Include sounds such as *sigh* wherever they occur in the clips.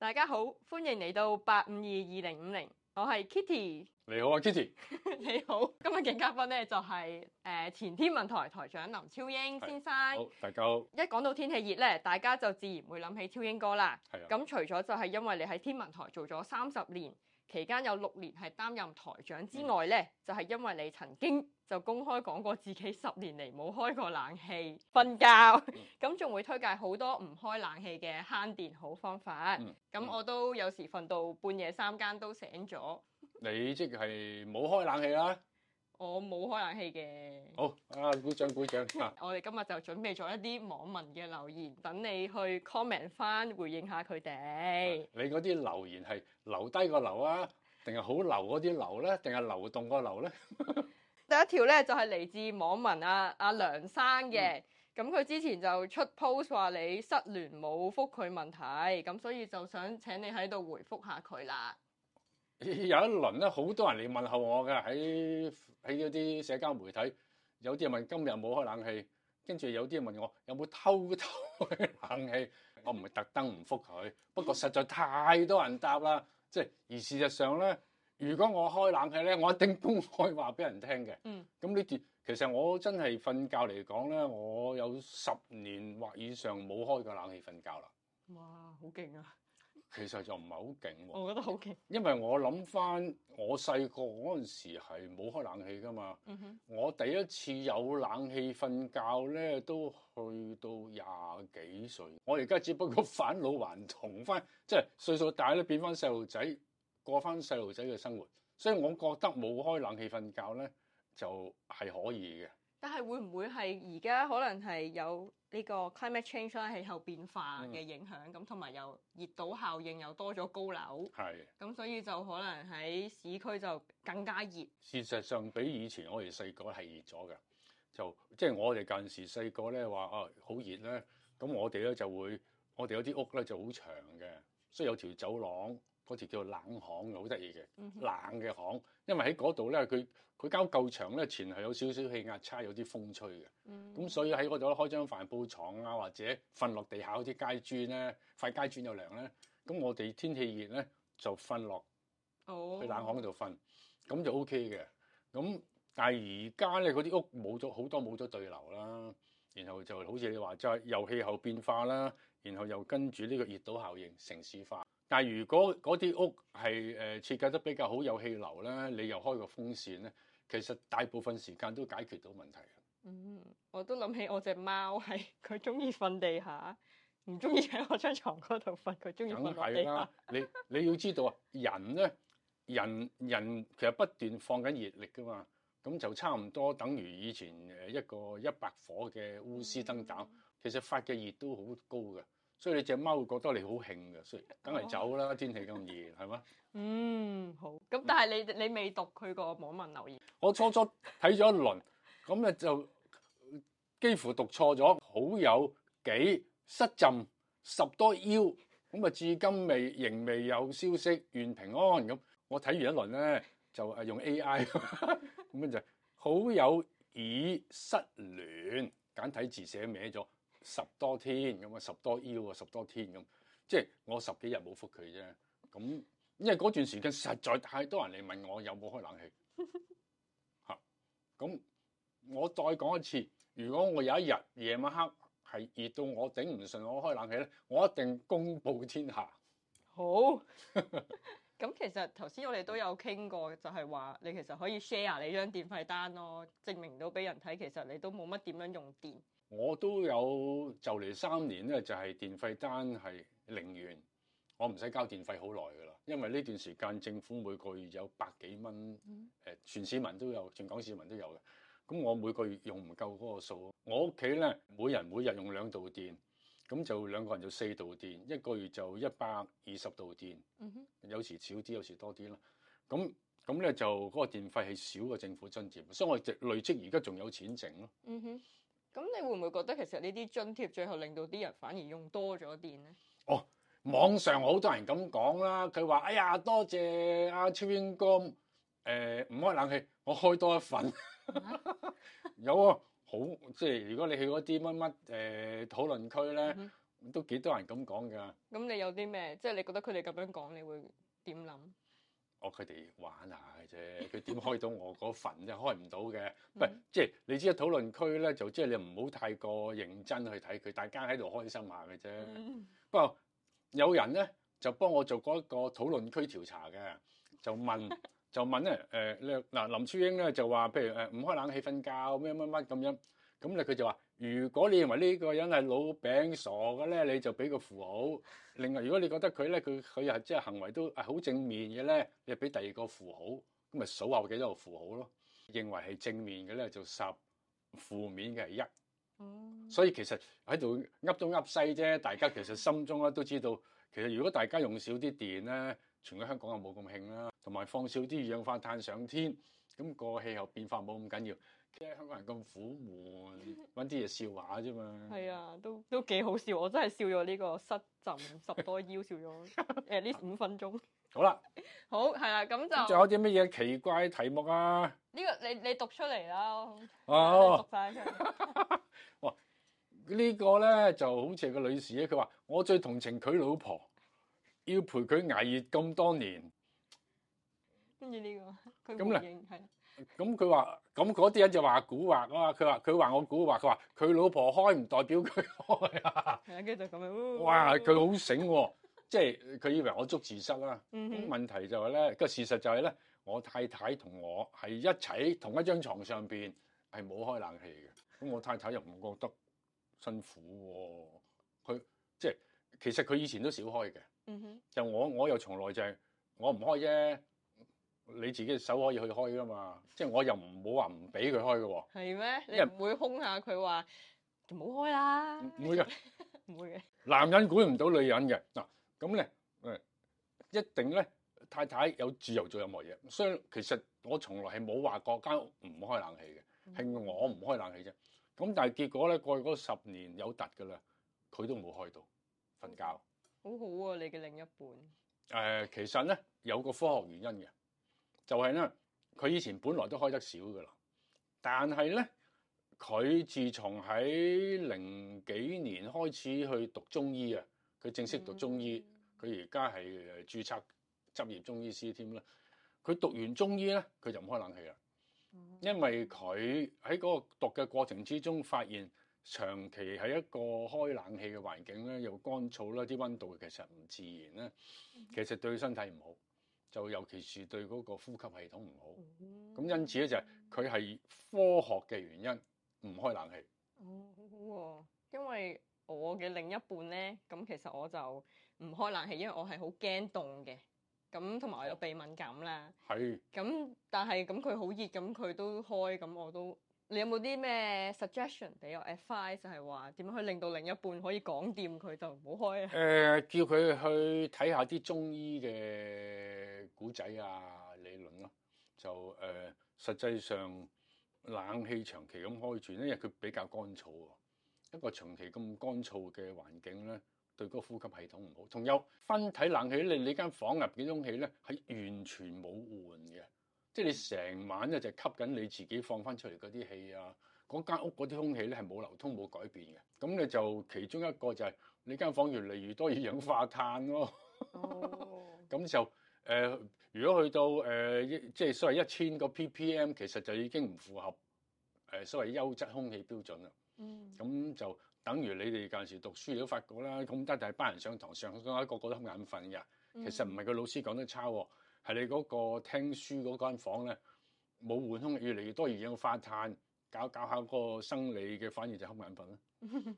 .大家好，歡迎嚟到八五二二零五零，我係 Kitty。你好啊，Kitty。你好，今日嘅嘉賓咧就係、是、誒、呃、前天文台台長林超英先生。好，大家好。一講到天氣熱咧，大家就自然會諗起超英哥啦。係啊。咁除咗就係因為你喺天文台做咗三十年。期間有六年係擔任台長之外呢、嗯、就係因為你曾經就公開講過自己十年嚟冇開過冷氣瞓覺，咁仲、嗯、會推介好多唔開冷氣嘅慳電好方法。咁、嗯嗯、我都有時瞓到半夜三更都醒咗，你即係冇開冷氣啦？我冇開冷氣嘅。好啊，鼓掌鼓掌吓！我哋今日就準備咗一啲網民嘅留言，等你去 comment 翻，回應下佢哋。你嗰啲留言係留低個「留」啊，定係好留嗰啲「留」咧，定係流動個流咧？第一條咧就係嚟自網民阿、啊、阿梁生嘅，咁佢之前就出 post 話你失聯冇覆佢問題，咁所以就想請你喺度回覆下佢啦。有一輪咧，好多人嚟問候我㗎，喺。喺嗰啲社交媒體，有啲人問今日冇開冷氣，跟住有啲人問我有冇偷偷開冷氣。我唔係特登唔覆佢，不過實在太多人答啦，即係而事實上咧，如果我開冷氣咧，我一定公開話俾人聽嘅。嗯，咁呢段其實我真係瞓覺嚟講咧，我有十年或以上冇開過冷氣瞓覺啦。哇，好勁啊！其實就唔係好勁喎，我覺得好勁。因為我諗翻我細個嗰陣時係冇開冷氣㗎嘛，嗯哼，我第一次有冷氣瞓覺咧都去到廿幾歲。我而家只不過返老還童，翻即係歲數大咧變翻細路仔，過翻細路仔嘅生活，所以我覺得冇開冷氣瞓覺咧就係、是、可以嘅。但係會唔會係而家可能係有呢個 climate change 氣候變化嘅影響咁，同埋又熱島效應又多咗高樓，係咁，所以就可能喺市區就更加熱。事實上，比以前我哋細個係熱咗嘅，就即係、就是、我哋間時細個咧話啊好熱咧，咁我哋咧就會我哋有啲屋咧就好長嘅，所以有條走廊。嗰條叫冷巷好得意嘅，嗯、哼冷嘅巷。因為喺嗰度咧，佢佢交夠長咧，前係有少少氣壓差，有啲風吹嘅。咁、嗯、所以喺嗰度咧，開張帆布牀啊，或者瞓落地下嗰啲街磚咧，塊街磚又涼咧。咁我哋天氣熱咧，就瞓落去冷巷度瞓，咁就 O K 嘅。咁但係而家咧，嗰啲屋冇咗好多，冇咗對流啦，然後就好似你話，就係由氣候變化啦，然後又跟住呢個熱島效應、城市化。但係如果嗰啲屋係誒設計得比較好有氣流咧，你又開個風扇咧，其實大部分時間都解決到問題。嗯，我都諗起我隻貓係佢中意瞓地下，唔中意喺我張床嗰度瞓，佢中意瞓落地下。梗係啦，你你要知道啊，人咧，人人其實不斷放緊熱力噶嘛，咁就差唔多等於以前誒一個一百火嘅烏絲燈膽，其實發嘅熱都好高嘅。所以你隻貓會覺得你好興嘅，所以梗係走啦，天氣咁熱，係嘛？嗯，好。咁但係你你未讀佢個網民留言？我初初睇咗一輪，咁咧就幾乎讀錯咗。好友幾失浸十多腰，咁啊至今未仍未有消息，願平安咁。我睇完一輪咧，就係用 AI，咁樣就好友已失聯，簡體字寫歪咗。十多天咁啊，十多腰啊，十多天咁，即係我十幾日冇覆佢啫。咁因為嗰段時間實在太多人嚟問我有冇開冷氣，吓咁、 *laughs* 嗯、我再講一次，如果我有一日夜晚黑係熱到我頂唔順，我開冷氣咧，我一定公佈天下。 *laughs* 好。 *laughs* 咁其實頭先我哋都有傾過，就係話你其實可以 share 你張電費單咯，證明到俾人睇，其實你都冇乜點樣用電。我都有就嚟三年咧，就係電費單係零元，我唔使交電費好耐噶啦。因為呢段時間政府每個月有百幾蚊，誒，全市民都有，全港市民都有嘅。咁我每個月用唔夠嗰個數，我屋企咧每人每日用兩度電。咁就兩個人就四度電，一個月就一百二十度電，嗯、哼有時少啲，有時多啲啦。咁咁咧就嗰個電費係少過政府津貼，所以我累積而家仲有錢剩咯。嗯哼，咁你會唔會覺得其實呢啲津貼最後令到啲人反而用多咗電咧？哦，網上好多人咁講啦，佢話：哎呀，多謝阿、啊、超英哥，誒、呃、唔開冷氣，我開多一份， *laughs* 啊有啊。好，即係如果你去嗰啲乜乜誒討論區咧，嗯、哼都幾多人咁講㗎。咁你有啲咩？即係你覺得佢哋咁樣講，你會點諗？哦，佢哋玩下嘅啫，佢點開到我嗰份啫， *laughs* 開唔到嘅。唔，即係你知道討論區咧，就即係你唔好太過認真去睇佢，大家喺度開心下嘅啫。嗯、不過有人咧就幫我做過一個討論區調查嘅，就問。 *laughs* 就問咧，誒略嗱林超英咧就話，譬如誒唔、呃、開冷氣瞓覺，咩乜乜咁樣，咁咧佢就話，如果你認為呢個人係老餅傻嘅咧，你就俾個符號；另外，如果你覺得佢咧佢佢係即係行為都係好正面嘅咧，你俾第二個符號，咁咪數下幾多個符號咯？認為係正面嘅咧就十，負面嘅係一。哦、嗯，所以其實喺度噏東噏西啫，大家其實心中咧都知道，其實如果大家用少啲電咧。全喺香港又冇咁興啦，同埋放少啲二氧化碳上天，咁個氣候變化冇咁緊要。而家香港人咁苦悶，揾啲嘢笑下啫嘛。係啊，都都幾好笑，我真係笑咗呢、這個失枕十多腰笑咗，at least 五分鐘。好啦，好係啦，咁、啊、就仲有啲乜嘢奇怪題目啊？呢、這個你你讀出嚟啦。哦，讀曬佢。哇，這個、呢個咧就好似個女士咧，佢話：我最同情佢老婆。要陪佢捱熱咁多年，跟住呢個佢回應係咁，佢話咁嗰啲人就話蠱惑啊！佢話佢話我蠱惑。佢話佢老婆開唔代表佢開啊！跟住就咁啊！哇！佢好醒， *laughs* 即係佢以為我捉字蝨啦。咁、嗯、哼問題就係、是、咧，個事實就係、是、咧，我太太同我係一齊同一張床上邊，係冇開冷氣嘅。咁我太太又唔覺得辛苦，佢即係其實佢以前都少開嘅。就我我又從來就係、是、我唔開啫，你自己手可以去開噶嘛，即係我又唔好話唔俾佢開嘅、啊。係咩嗎？為你又唔會兇下佢話就冇開啦？唔會嘅，唔會嘅。男人估唔到女人嘅嗱，咁咧誒，一定咧太太有自由做任何嘢。所以其實我從來係冇話過間屋唔開冷氣嘅，係我唔開冷氣啫。咁但係結果咧過去十年有突噶啦，佢都冇開到瞓覺。好好啊！你嘅另一半誒、呃，其實咧有個科學原因嘅，就係咧佢以前本來都開得少㗎喇，但係咧佢自從喺零幾年開始去讀中醫啊，佢正式讀中醫，佢而家係誒註冊執業中醫師添啦。佢讀完中醫咧，佢就唔開冷氣啦，因為佢喺嗰個讀嘅過程之中發現，長期喺一個開冷氣嘅環境咧，又乾燥啦，啲温度其實唔自然咧，其實對身體唔好，就尤其是對嗰個呼吸系統唔好。咁因此咧就係佢係科學嘅原因唔開冷氣。哦，好好喎，因為我嘅另一半咧，咁其實我就唔開冷氣，因為我係好驚凍嘅，咁同埋我有鼻敏感啦。係。咁但係咁佢好熱，咁佢都開，咁我都。你有冇啲咩 suggestion，俾我，advice 就係話點樣可以令到另一半可以講掂佢，就唔好開啊。誒，叫佢去睇下啲中醫嘅古仔啊理論咯。就誒、呃，實際上冷氣長期咁開住，因為佢比較乾燥啊，一個長期咁乾燥嘅環境咧，對個呼吸系統唔好。仲有分體冷氣，令你間房入邊啲空氣咧係完全冇換嘅。即係你成晚咧就吸緊你自己放翻出嚟嗰啲氣啊，嗰間屋嗰啲空氣咧係冇流通冇改變嘅，咁你就其中一個就係你間房越嚟越多二氧化碳咯。咁、哦、 *laughs* 就誒、呃，如果去到誒、呃、即係所謂一千個 ppm，其實就已經唔符合誒所謂優質空氣標準啦。咁、嗯、就等於你哋間時讀書都發覺啦，咁但係班人上堂上一個，個個都眼瞓嘅，其實唔係個老師講得差啊。係你嗰個聽書嗰間房咧，冇換通，越嚟越多二氧化碳，搞搞下嗰個生理嘅反應就瞌眼瞓啦。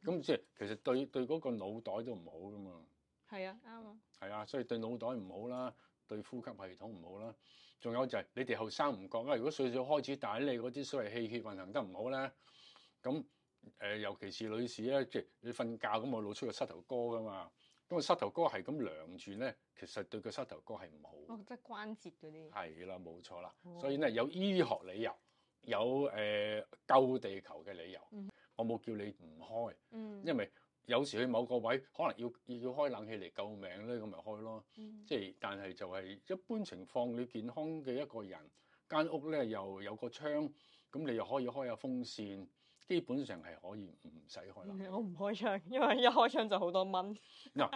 咁即係其實對對嗰個腦袋都唔好噶嘛。係啊，啱啊。係啊，所以對腦袋唔好啦，對呼吸系統唔好啦。仲有就係你哋後生唔覺啊，如果細細開始，打理你嗰啲所謂氣血運行得唔好咧，咁誒、呃，尤其是女士咧，即係你瞓覺咁，我露出個膝頭哥噶嘛。個膝頭哥係咁量轉咧，其實對個膝頭哥係唔好。我、哦、即係關節嗰啲。係啦，冇錯啦。哦、所以咧，有醫學理由，有誒、呃、救地球嘅理由。嗯、哼我冇叫你唔開，因為有時去某個位，可能要要開冷氣嚟救命咧，咁咪開咯。即係、嗯，但係就係一般情況，你健康嘅一個人，間屋咧又有個窗，咁你又可以開下風扇，基本上係可以洗開啦、嗯！我唔開窗，因為一開窗就好多蚊。嗱，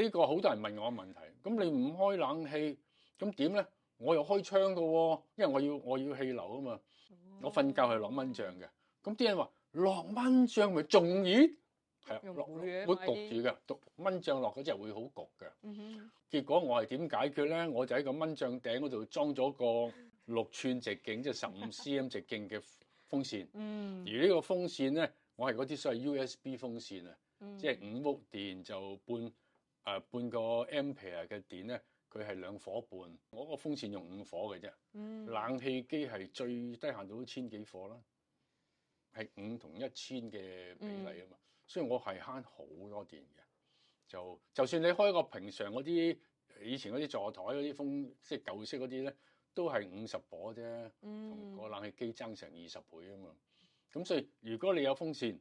呢個好多人問我嘅問題，咁你唔開冷氣，咁點咧？我又開窗嘅喎，因為我要我要氣流啊嘛。哦、我瞓覺係落蚊帳嘅。咁啲人話落蚊帳咪仲熱，係啊，落，落，落會焗住嘅，蚊焗蚊帳落咗之後會好焗嘅。嗯哼結果我係點解決咧？我就喺個蚊帳頂嗰度裝咗個六寸直徑，即係十五 CM 直徑嘅風扇。嗯。而呢個風扇咧。我係嗰啲所謂 USB 風扇啊，即係五伏電就半誒、呃、半個 ampere 嘅電咧，佢係兩火半。我個風扇用五火嘅啫，嗯、冷氣機係最低限度千幾火啦，係五同一千嘅比例啊嘛。嗯、所以我係慳好多電嘅。就就算你開個平常嗰啲以前嗰啲座台嗰啲風，即係舊式嗰啲咧，都係五十火啫，同、嗯、個冷氣機爭成二十倍啊嘛。咁所以如果你有風扇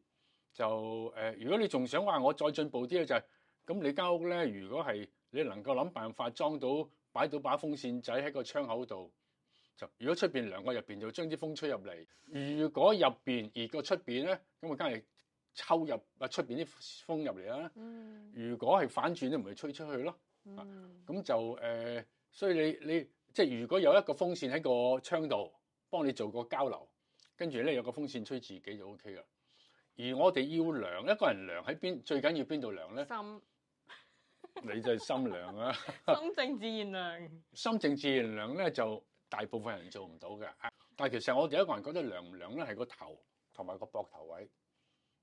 就誒、呃，如果你仲想話我再進步啲咧，就係、是、咁你間屋咧，如果係你能夠諗辦法裝到擺到一把風扇仔喺個窗口度，就如果出邊涼過入邊就將啲風吹入嚟。如果入邊熱過出邊咧，咁我梗係抽入啊出邊啲風入嚟啦。如果係反轉唔咪吹出去咯。咁、啊、就誒、呃，所以你你即係如果有一個風扇喺個窗度幫你做個交流。跟住咧，有個風扇吹自己就 O K 啦。而我哋要涼，一個人涼喺邊？最緊要邊度涼咧？心， *laughs* 你就係心涼啊！ *laughs* 心靜自然涼。心靜自然涼咧，就大部分人做唔到嘅。但係其實我哋一個人覺得涼唔涼咧，係個頭同埋個膊頭位。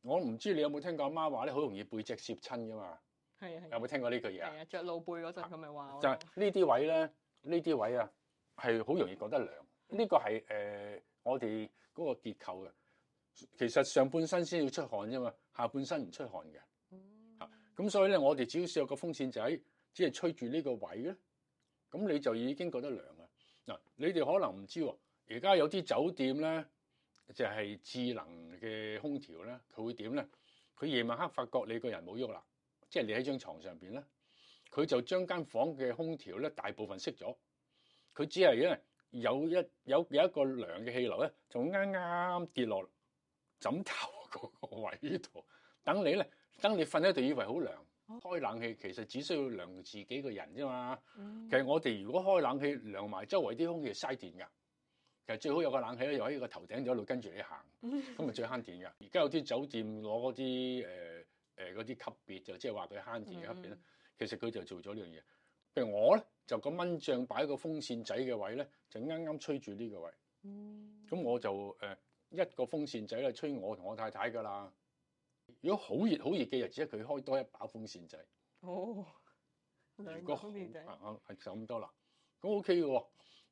我唔知你有冇聽過阿媽話咧，好容易背脊攝親㗎嘛？係有冇聽過呢句呢句嘢啊？係著露背嗰陣咁咪話。就係呢啲位咧，呢啲位啊，係好容易覺得涼。呢、呢個係誒。呃我哋嗰個結構嘅，其實上半身先要出汗啫嘛，下半身唔出汗嘅。嚇、嗯，咁所以咧，我哋只要有個風扇仔，只係吹住呢個位咧，咁你就已經覺得涼啦。嗱，你哋可能唔知喎，而家有啲酒店咧，就係、是、智能嘅空調咧，佢會點咧？佢夜晚黑發覺你個人冇喐啦，即係你喺張床上邊咧，佢就將間房嘅空調咧大部分熄咗，佢只係咧。有一有有一個涼嘅氣流咧，就啱啱跌落枕頭嗰個位呢度，等你咧，等你瞓喺度以為好涼，開冷氣其實只需要涼自己個人啫嘛。其實我哋如果開冷氣涼埋周圍啲空氣，嘥電㗎。其實最好有個冷氣咧，又喺個頭頂度跟住你行，咁咪最慳電㗎。而家有啲酒店攞嗰啲誒誒嗰啲級別，就即係話佢慳電嘅級別咧，其實佢就做咗呢樣嘢。譬如我咧就個蚊帳擺個風扇仔嘅位咧，就啱啱吹住呢個位。咁我就誒一個風扇仔咧吹、嗯、吹我同我太太㗎啦。如果好熱好熱嘅日子，佢開多一把風扇仔。哦，如果好兩把風扇仔。係咁、啊、多啦。咁 OK 嘅喎、哦。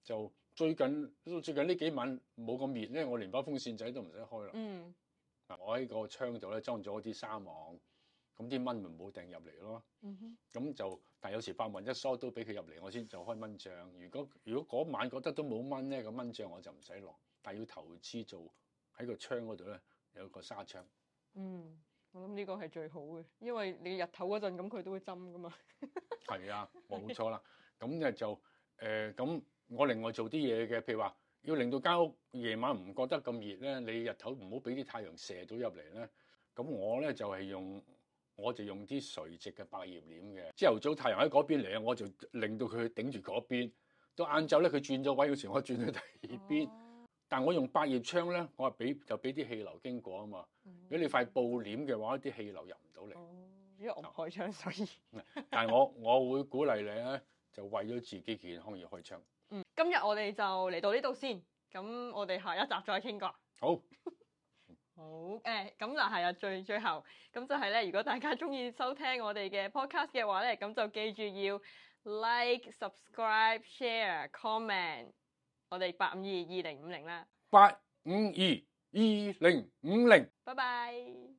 就最近最近呢幾晚冇咁熱咧，我連把風扇仔都唔使開啦。嗯。啊！我喺個窗度咧裝咗啲紗網。咁啲蚊咪冇掟入嚟咯，咁就、嗯、哼但有時百密一疏都俾佢入嚟，我先就開蚊帳。如果如果嗰晚覺得都冇蚊咧，個蚊帳我就唔使落，但要投資做喺個窗嗰度咧有個沙窗。嗯，我諗呢個係最好嘅，因為你日頭嗰陣咁佢都會針㗎嘛。係 *laughs* 啊，冇錯啦。咁就誒咁，呃、我另外做啲嘢嘅，譬如話要令到間屋夜晚唔覺得咁熱咧，你日頭唔好俾啲太陽射到入嚟咧。咁我咧就係、是、用。我就用啲垂直嘅百葉簾嘅，朝頭早太陽喺嗰邊嚟啊，我就令到佢頂住嗰邊。到晏晝咧，佢轉咗位嘅時候我轉去第二邊。啊、但我用百葉窗咧，我係俾就俾啲氣流經過啊嘛。嗯、如果你塊布簾嘅話，啲氣流入唔到嚟。因為我開窗，所以但。但係我我會鼓勵你咧，就為咗自己健康而開窗。嗯，今日我哋就嚟到呢度先，咁我哋下一集再傾過。好。好誒，咁就係啊最最後，咁就係咧。如果大家中意收聽我哋嘅 podcast 嘅話咧，咁就記住要 like、subscribe、share、comment。我哋八五二二零五零啦，八五二二零五零。拜拜。